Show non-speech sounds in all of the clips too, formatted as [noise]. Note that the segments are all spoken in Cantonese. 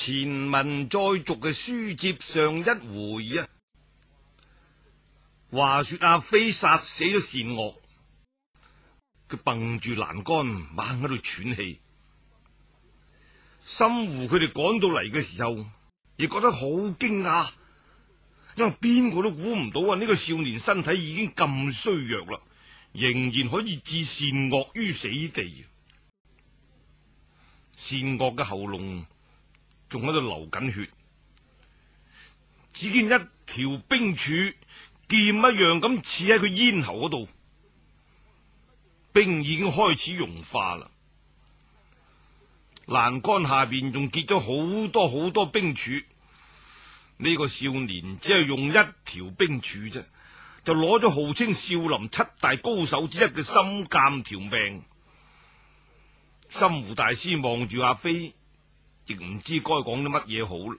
前文再續嘅書接上一回啊，話說阿飛殺死咗善惡，佢蹦住欄杆猛喺度喘氣。深湖佢哋趕到嚟嘅時候，亦覺得好驚訝，因為邊個都估唔到啊！呢個少年身體已經咁衰弱啦，仍然可以置善惡於死地。善惡嘅喉嚨。仲喺度流緊血，只見一條冰柱劍一樣咁刺喺佢咽喉嗰度，冰已經開始融化啦。欄杆下邊仲結咗好多好多冰柱，呢、這個少年只係用一條冰柱啫，就攞咗號稱少林七大高手之一嘅心鑒條命。心湖大師望住阿飛。亦唔知該講啲乜嘢好。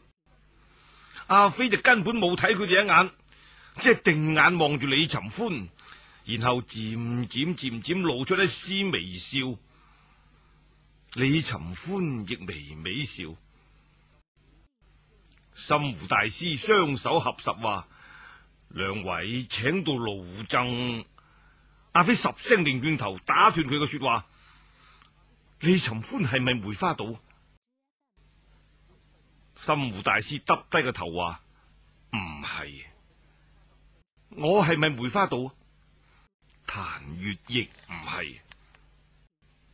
阿飛就根本冇睇佢哋一眼，即係定眼望住李尋歡，然後漸漸漸漸露出一絲微笑。李尋歡亦微微笑。心湖大師雙手合十話：兩位請到老僧。阿飛十聲定轉頭打斷佢嘅說話。李尋歡係咪梅花島？心湖大師耷低個頭話：唔係，我係咪梅花盜？譚月亦唔係。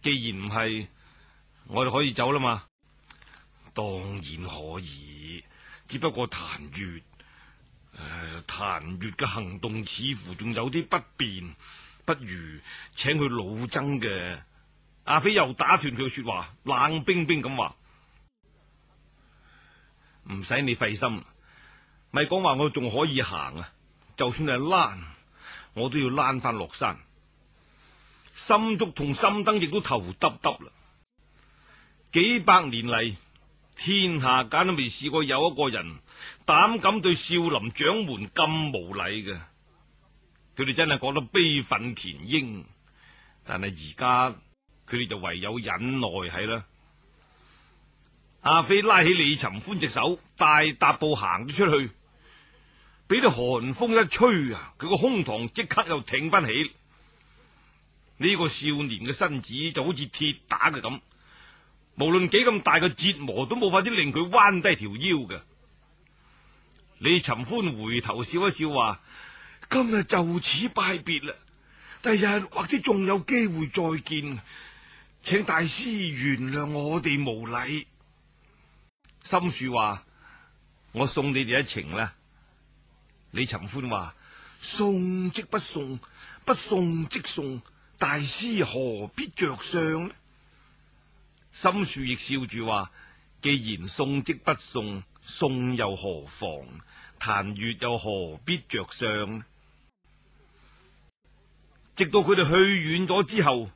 既然唔係，我哋可以走啦嘛？當然可以，只不過譚月，誒、呃，譚月嘅行動似乎仲有啲不便，不如請佢老僧嘅。阿飛又打斷佢說話，冷冰冰咁話。唔使你費心，咪講話我仲可以行啊！就算係攣，我都要攣翻落山。心竹同心燈亦都頭耷耷啦。幾百年嚟，天下間都未試過有一個人膽敢對少林掌門咁無禮嘅，佢哋真係覺得悲憤填膺。但係而家佢哋就唯有忍耐係啦。阿飛拉起李尋歡隻手，大踏步行咗出去。俾啲寒風一吹啊，佢個胸膛即刻又挺翻起。呢個少年嘅身子就好似鐵打嘅咁，無論幾咁大嘅折磨都冇法子令佢彎低條腰嘅。李尋歡回頭笑一笑，話：今日就此拜別啦，第日或者仲有機會再見，請大師原諒我哋無禮。心樹話：我送你哋一程啦。李尋歡話：送即不送，不送即送，大師何必着相呢？心樹亦笑住話：既然送即不送，送又何妨？檀越又何必着相呢？直到佢哋去遠咗之後，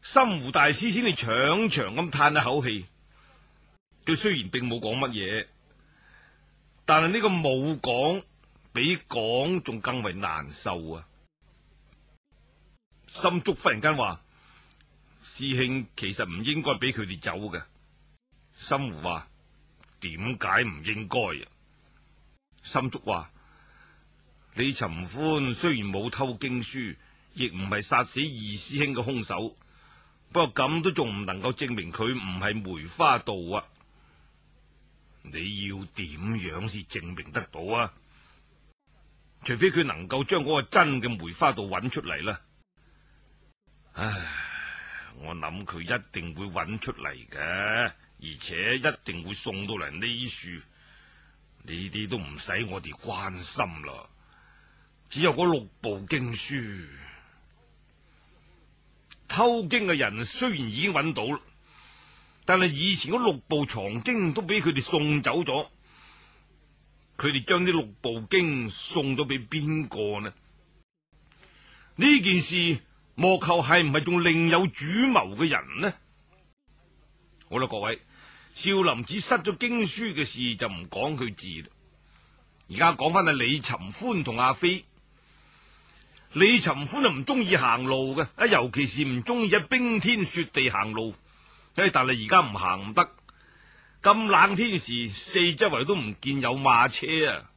心湖大師先至長長咁嘆一口氣。佢雖然並冇講乜嘢，但係呢個冇講比講仲更為難受啊！心竹忽然間話：師兄其實唔應該俾佢哋走㗎。心湖話：點解唔應該啊？心竹話：李尋歡雖然冇偷經書，亦唔係殺死二師兄嘅凶手，不過咁都仲唔能夠證明佢唔係梅花盜啊！你要點樣先證明得到啊？除非佢能夠將嗰個真嘅梅花盜揾出嚟啦，啊。唉，我諗佢一定會揾出嚟嘅，而且一定會送到嚟呢樹。呢啲都唔使我哋關心啦。只有嗰六部經書，偷經嘅人雖然已經揾到但係以前嗰六部藏經都俾佢哋送走咗，佢哋將啲六部經送咗俾邊個呢？呢件事幕後係唔係仲另有主謀嘅人呢？好啦，各位少林寺失咗經書嘅事就唔講佢字啦，而家講翻阿李尋歡同阿飛，李尋歡係唔中意行路嘅，啊，尤其是唔中意喺冰天雪地行路。但係而家唔行得，咁冷天時，四周圍都唔見有馬車啊！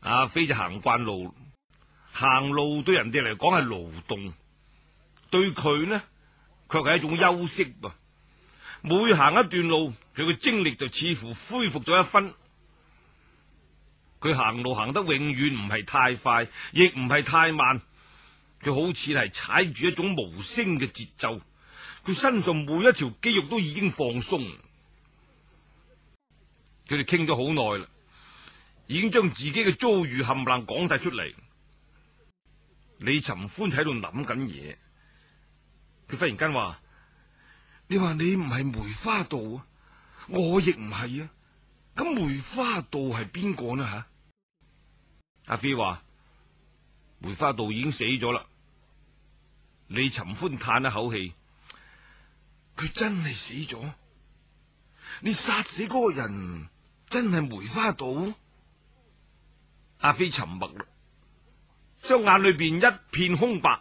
阿飛就行慣路，行路對人哋嚟講係勞動，對佢呢卻係一種休息噃。每行一段路，佢嘅精力就似乎恢復咗一分。佢行路行得永遠唔係太快，亦唔係太慢，佢好似係踩住一種無聲嘅節奏。佢身上每一條肌肉都已經放鬆。佢哋傾咗好耐啦，已經將自己嘅遭遇冚唪唥講晒出嚟。李尋歡喺度諗緊嘢，佢忽然間話：你話你唔係梅花道，啊？我亦唔係啊。咁梅花道係邊個呢？吓，阿飛話梅花道已經死咗啦。李尋歡嘆一口氣。佢真係死咗，你殺死嗰個人真係梅花道？阿飛沉默啦，雙眼裏邊一片空白。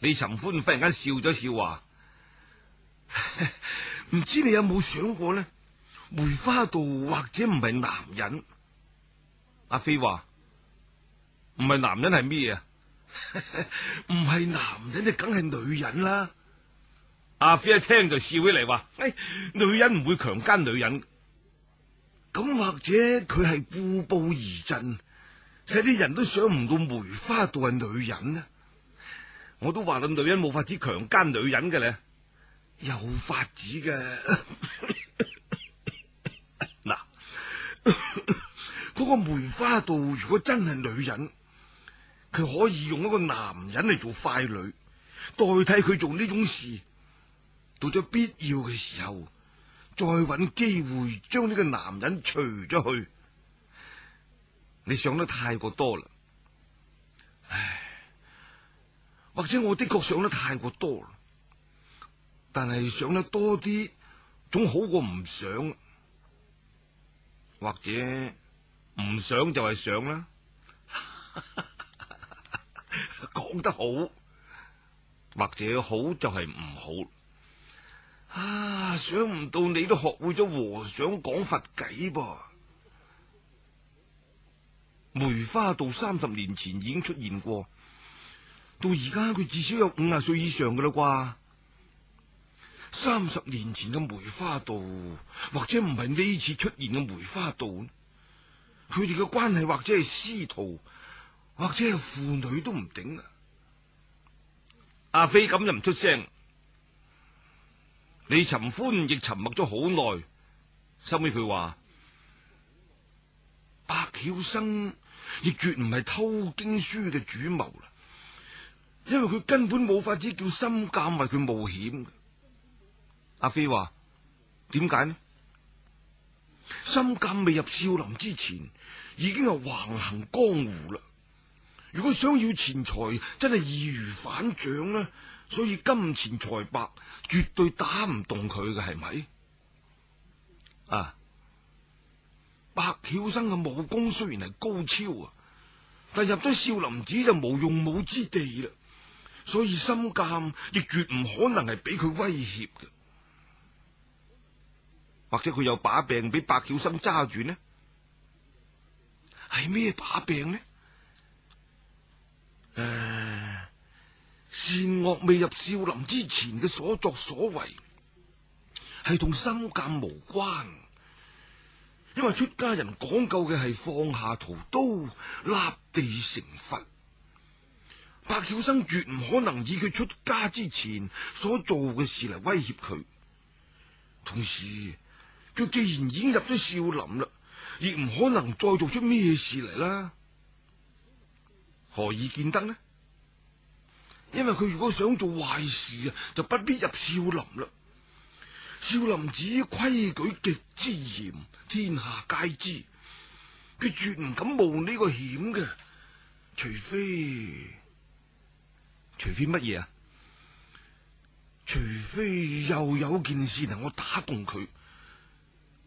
李尋歡忽然間笑咗笑話：唔 [laughs] 知你有冇想過呢？梅花道或者唔係男人？阿飛話：唔係男人係咩啊？唔 [laughs] 係男人你梗係女人啦。阿飛、啊、一聽就笑起嚟話：哎，女人唔會強奸女人，咁或者佢係故布疑陣，睇啲人都想唔到梅花盜係女人啊，我都話啦，女人冇法子強奸女人嘅咧，有法子嘅。嗱， [laughs] 個梅花盜如果真係女人，佢可以用一個男人嚟做傀儡，代替佢做呢種事。到咗必要嘅時候，再揾機會將呢個男人除咗去。你想得太過多啦，唉，或者我的確想得太過多啦，但係想得多啲，總好過唔想。或者唔想就係想啦，講 [laughs] 得好，或者好就係唔好。啊！想唔到你都學會咗和尚講佛偈噃？梅花道三十年前已經出現過，到而家佢至少有五十歲以上噶啦啩。三十年前嘅梅花道，或者唔係呢次出現嘅梅花道，佢哋嘅關係或者係師徒，或者係父女都唔定啊。阿飛咁就唔出聲。李尋歡亦沉默咗好耐，收尾佢話：白曉生亦絕唔係偷經書嘅主謀啦，因為佢根本冇法子叫心鑒為佢冒險。阿飛話：點解呢？心鑒未入少林之前，已經係橫行江湖啦。如果想要錢財，真係易如反掌啦。所以金錢財白絕對打唔動佢嘅，係咪？啊，白曉生嘅武功雖然係高超啊，但入咗少林寺就無用武之地啦。所以心鑒亦絕唔可能係俾佢威脅嘅，或者佢有把柄俾白曉生揸住呢？係咩把柄呢？誒、啊。善惡未入少林之前嘅所作所為，係同心鑑無關，因為出家人講究嘅係放下屠刀，立地成佛。白曉生絕唔可能以佢出家之前所做嘅事嚟威脅佢。同時，佢既然已經入咗少林啦，亦唔可能再做出咩事嚟啦。何以見得呢？因為佢如果想做壞事啊，就不必入少林啦。少林寺規矩極之嚴，天下皆知，佢絕唔敢冒呢個險嘅。除非，除非乜嘢啊？除非又有件事能夠打動佢，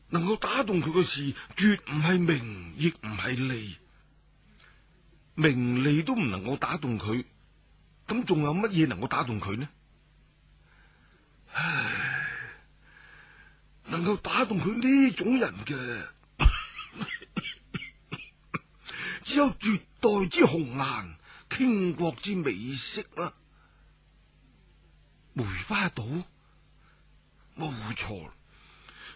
能夠打動佢嘅事，絕唔係名，亦唔係利，名利都唔能夠打動佢。咁仲有乜嘢能夠打動佢呢？唉，能夠打動佢呢種人嘅， [laughs] 只有絕代之紅顏、傾國之美色啦。梅花盜，冇錯，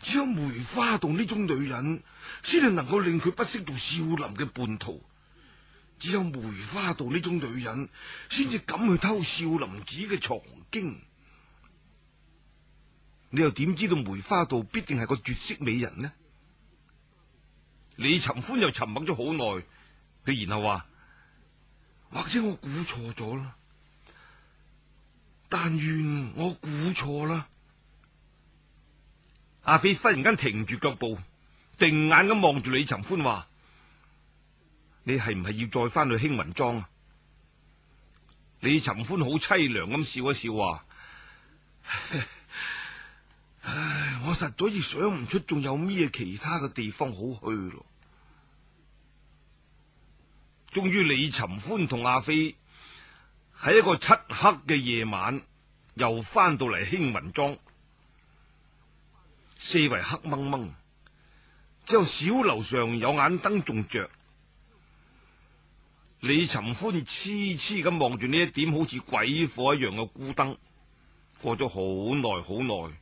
只有梅花盜呢種女人，先至能夠令佢不惜做少林嘅叛徒。只有梅花道呢種女人，先至敢去偷少林寺嘅藏經。你又點知道梅花道必定係個絕色美人呢？李尋歡又沉默咗好耐，佢然後話：或者我估錯咗啦。但願我估錯啦。阿飛忽然間停住腳步，定眼咁望住李尋歡話。你係唔係要再翻去興雲莊啊？李尋歡好淒涼咁笑一笑話：唉，我實在已想唔出仲有咩其他嘅地方好去咯。終於，李尋歡同阿飛喺一個漆黑嘅夜晚又翻到嚟興雲莊，四圍黑濛濛，只有小樓上有眼燈仲着。李尋歡痴痴咁望住呢一點好似鬼火一樣嘅孤燈，過咗好耐好耐，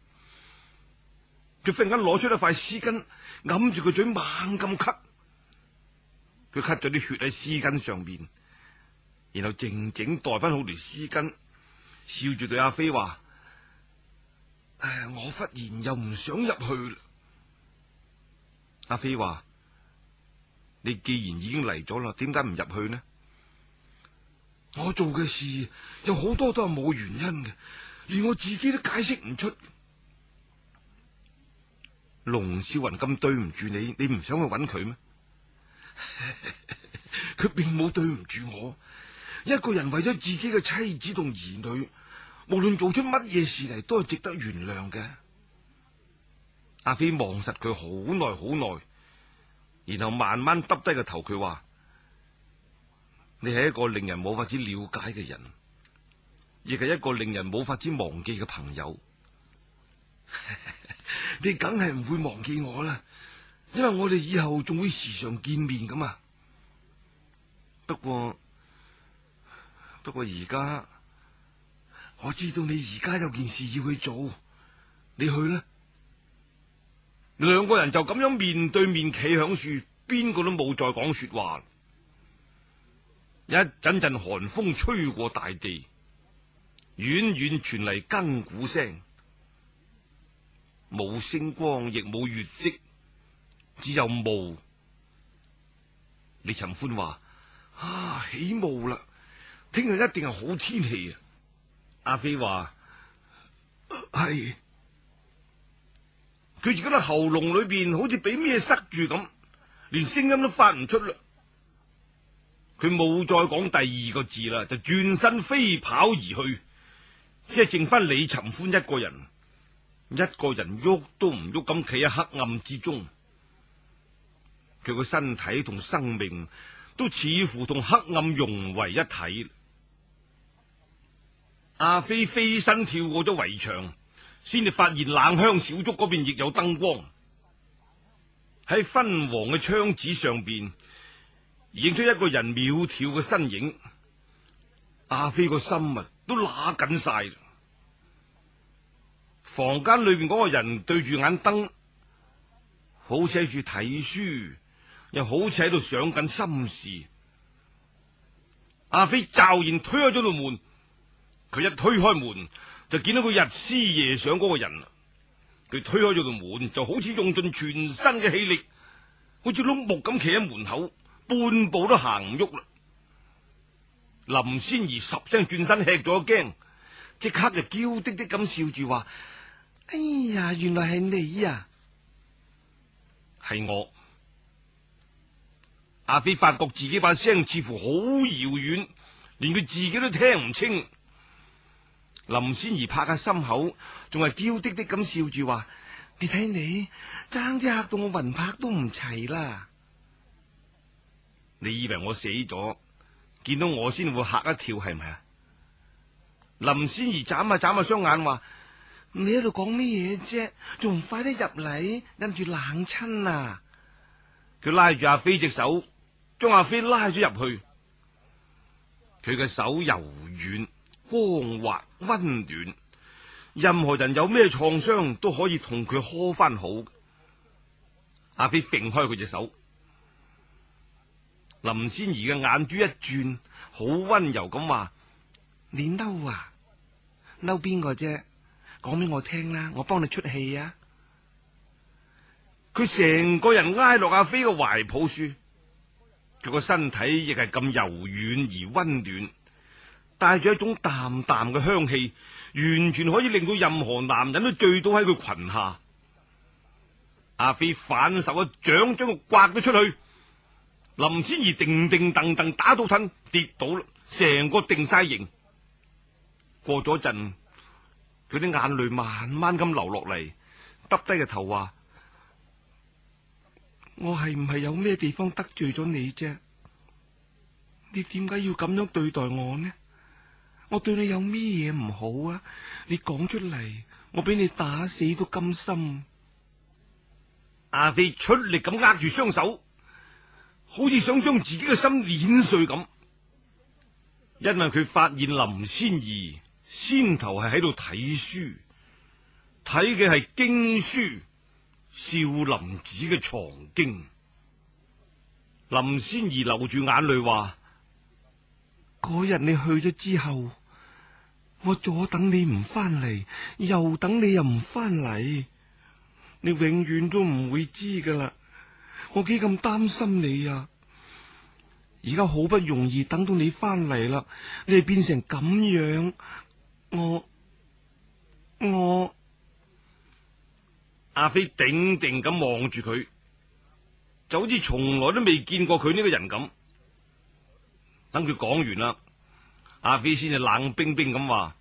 佢忽然間攞出一塊絲巾，揞住個嘴猛咁咳，咳。佢咳咗啲血喺絲巾上邊，然後靜靜袋翻好條絲巾，笑住對阿飛話：唉，我忽然又唔想入去啦。阿飛話：你既然已經嚟咗啦，點解唔入去呢？我做嘅事有好多都係冇原因嘅，連我自己都解釋唔出。龍少雲咁對唔住你，你唔想去揾佢咩？佢 [laughs] 並冇對唔住我，一個人為咗自己嘅妻子同兒女，無論做出乜嘢事嚟，都係值得原諒嘅。阿飛望實佢好耐好耐，然後慢慢耷低個頭，佢話。你係一個令人冇法子了解嘅人，亦係一個令人冇法子忘記嘅朋友。 [laughs] 你梗係唔會忘記我啦，因為我哋以後仲會時常見面嘛。不過，不過而家我知道你而家有件事要去做，你去啦。兩個人就咁樣面對面企響樹，邊個都冇再講說話。一陣陣寒風吹過大地，遠遠傳嚟更鼓聲，冇星光亦冇月色，只有霧。李尋歡話：啊起霧啦，聽日一定係好天氣。啊，阿飛話：係、哎，佢自己喺喉嚨裏邊好似俾咩塞住咁，連聲音都發唔出啦。佢冇再講第二個字啦，就轉身飛跑而去，即係剩翻，李尋歡一個人，一個人喐都唔喐咁企喺黑暗之中，佢個身體同生命都似乎同黑暗融為一體。阿飛飛身跳過咗圍牆，先至發現冷香小築嗰邊亦有燈光喺昏黃嘅窗子上邊。影出一個人苗條嘅身影，阿飛個心啊都乸緊晒。房間裏邊嗰個人對住眼燈，好似喺住睇書，又好似喺度想緊心事。阿飛驟然推開咗道門，佢一推開門就見到佢日思夜想嗰個人。佢推開咗道門，就好似用盡全身嘅氣力，好似碌木咁企喺門口。半步都行唔喐啦！林仙兒十聲轉身吃咗一驚，即刻就嬌滴滴咁笑住話，哎呀，原來係你啊！係我。阿飛發覺自己把聲似乎好遙遠，連佢自己都聽唔清。林仙兒拍下心口，仲係嬌滴滴咁笑住話，你睇你，爭啲吓到我魂魄都唔齊啦！你以為我死咗？見到我先會嚇一跳係咪啊？林仙兒眨下眨下雙眼，話，你喺度講咩嘢啫？仲唔快啲入嚟，諗住冷親啊！佢拉住阿飛隻手，將阿飛拉咗入去。佢嘅手柔軟、光滑、溫暖，任何人有咩創傷都可以同佢呵翻好。阿飛揈開佢隻手。林仙兒嘅眼珠一轉，好溫柔咁話：你嬲啊？嬲邊個啫？講俾我聽啦，我幫你出氣啊！佢成個人挨落阿飛嘅懷抱處，佢個身體亦係咁柔軟而溫暖，帶住一種淡淡嘅香氣，完全可以令到任何男人都醉倒喺佢裙下。阿飛反手個掌將佢刮咗出去。林仙兒定定噔噔，打到親，跌倒啦，成個定晒形。過咗陣，佢啲眼淚慢慢咁流落嚟，耷低個頭話：我係唔係有咩地方得罪咗你啫？你點解要咁樣對待我呢？我對你有咩嘢唔好啊？你講出嚟，我俾你打死都甘心。阿飛出力咁握住雙手。好似想將自己嘅心碾碎咁，因為佢發現林仙兒先頭係喺度睇書，睇嘅係經書，少林寺嘅藏經。林仙兒流住眼淚話：嗰日你去咗之後，我左等你唔翻嚟，右等你又唔翻嚟，你永遠都唔會知噶啦。我幾咁擔心你啊！而家好不容易等到你翻嚟啦，你又變成咁樣，我我阿飛定定咁望住佢，就好似從來都未見過佢呢個人咁。等佢講完啦，阿飛先就冷冰冰咁話：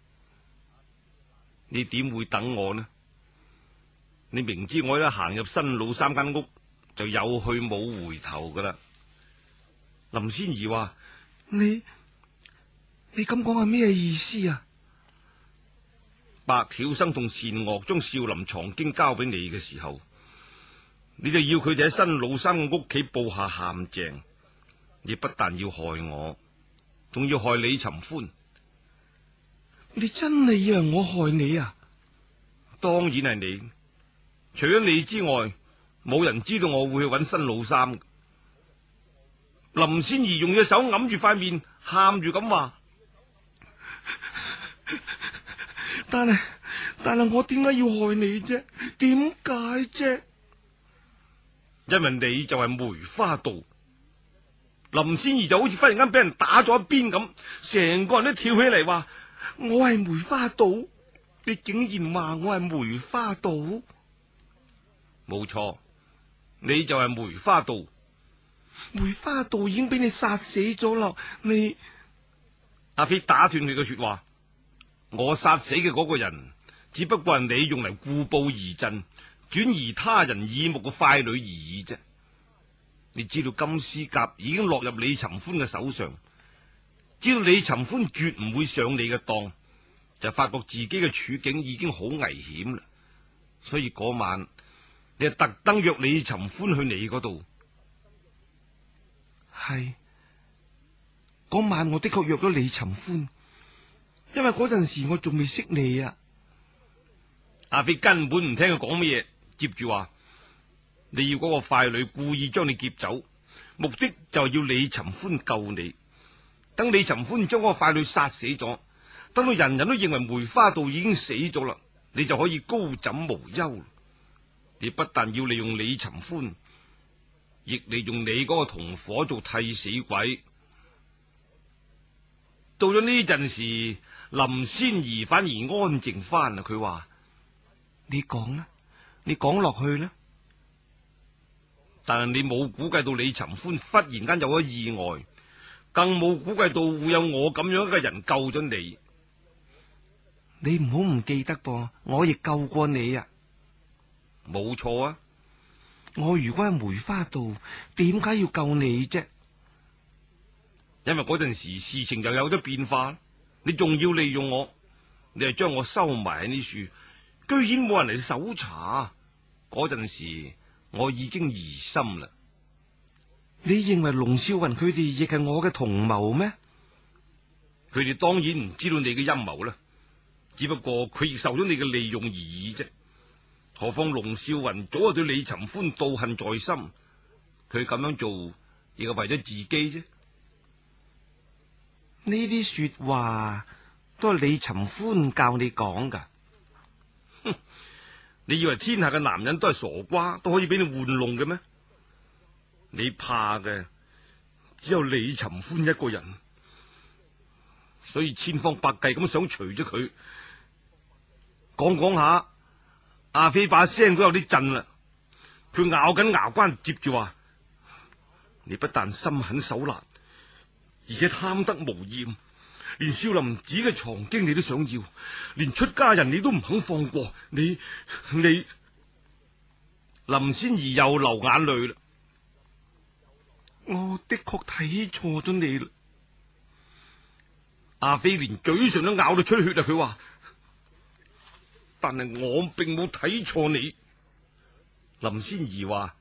你點會等我呢？你明知我一行入新老三間屋。就有去冇回頭噶啦。林仙兒話：你你咁講係咩意思啊？白曉生同善惡將少林藏經交俾你嘅時候，你就要佢哋喺新老生嘅屋企布下陷阱。你不但要害我，仲要害李尋歡。你真係以為我害你啊？當然係你，除咗你之外。冇人知道我會去揾新老三。林仙兒用隻手揞住塊面，喊住咁話：但係但係，我點解要害你啫？點解啫？因為你就係梅花盜，林仙兒就好似忽然間俾人打咗一邊咁，成個人都跳起嚟話：我係梅花盜，你竟然話我係梅花盜？冇錯。你就係梅花道，梅花道已經俾你殺死咗啦。你，阿飛打斷佢嘅說話，我殺死嘅嗰個人只不過係你用嚟故佈疑陣，轉移他人耳目嘅傀儡而已啫。你知道金絲甲已經落入李尋歡嘅手上，知道李尋歡絕唔會上你嘅當，就發覺自己嘅處境已經好危險啦。所以嗰晚，你特登約李尋歡去你嗰度？係嗰晚我的確約咗李尋歡，因為嗰陣時我仲未識你啊。阿飛根本唔聽佢講乜嘢，接住話你要嗰個傀儡故意將你劫走，目的就係要李尋歡救你。等李尋歡將嗰個傀儡殺死咗，等到人人都認為梅花道已經死咗啦，你就可以高枕無憂。你不但要利用李尋歡，亦利用你嗰個同伙做替死鬼。到咗呢陣時，林仙兒反而安靜翻啦。佢話：你講啦，你講落去啦。但係你冇估計到李尋歡忽然間有咗意外，更冇估計到會有我咁樣一個人救咗你。你唔好唔記得噃，我亦救過你啊！冇錯啊！我如果喺梅花度，點解要救你啫？因為嗰陣時事情又有咗變化，你仲要利用我，你係將我收埋喺呢樹，居然冇人嚟搜查。嗰陣時我已經疑心啦。你認為龍少雲佢哋亦係我嘅同謀咩？佢哋當然唔知道你嘅陰謀啦，只不過佢亦受咗你嘅利用而已啫。何況龍少雲早就對李尋歡妒恨在心，佢咁樣做亦係為咗自己啫。呢啲說話都係李尋歡教你講噶。哼，你以為天下嘅男人都係傻瓜，都可以俾你玩弄嘅咩？你怕嘅只有李尋歡一個人，所以千方百計咁想除咗佢。講講下。阿飛把聲都有啲震啦，佢咬緊牙關接住話：你不但心狠手辣，而且貪得無厭，連少林寺嘅藏經你都想要，連出家人你都唔肯放過。你你林仙兒又流眼淚啦，我的確睇錯咗你啦。阿飛連嘴唇都咬到出血啦，佢話。但係我並冇睇錯你。林仙兒話：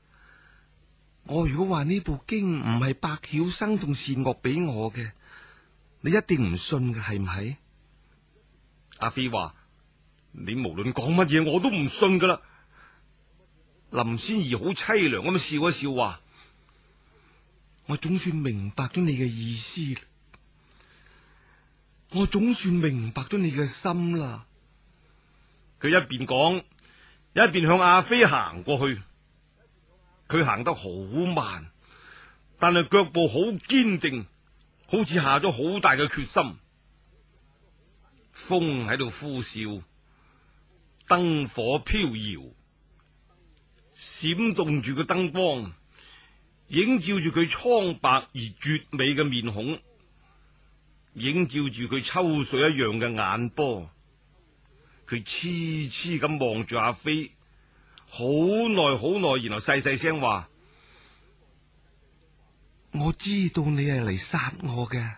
我如果話呢部經唔係白曉生同善惡俾我嘅，嗯、你一定唔信嘅，係唔係？阿飛話：你無論講乜嘢，我都唔信噶啦。林仙兒好淒涼咁笑一笑，話：我總算明白咗你嘅意思，我總算明白咗你嘅心啦。佢一邊講，一邊向阿飛行過去。佢行得好慢，但係腳步好堅定，好似下咗好大嘅決心。風喺度呼嘯，燈火飄搖，閃動住嘅燈光映照住佢蒼白而絕美嘅面孔，映照住佢秋水一樣嘅眼波。佢痴痴咁望住阿飛，好耐好耐，然後細細聲話：我知道你係嚟殺我嘅，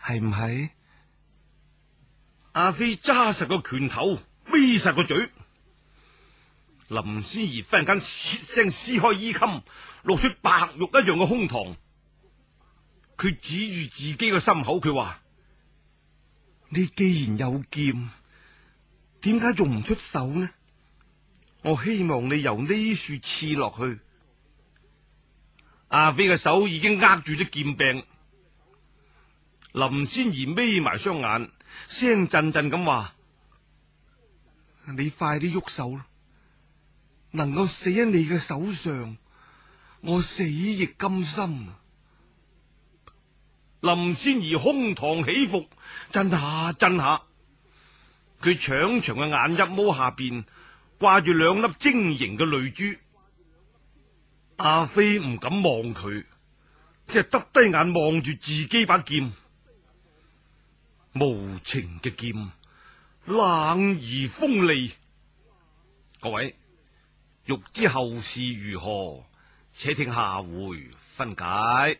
係唔係？阿飛揸實個拳頭，眯實個嘴。林仙兒忽然間一聲撕開衣襟，露出白玉一樣嘅胸膛。佢指住自己嘅心口，佢話：你既然有劍。點解仲唔出手呢？我希望你由呢處刺落去。阿飛嘅手已經握住咗劍柄。林仙兒眯埋雙眼，聲震陣咁話：你快啲喐手咯！能夠死喺你嘅手上，我死亦甘心。林仙兒胸膛起伏，震下震下。佢長長嘅眼一摸下邊掛住兩粒晶瑩嘅淚珠，阿飛唔敢望佢，只係耷低眼望住自己把劍，無情嘅劍，冷而鋒利。各位，欲知後事如何，且聽下回分解。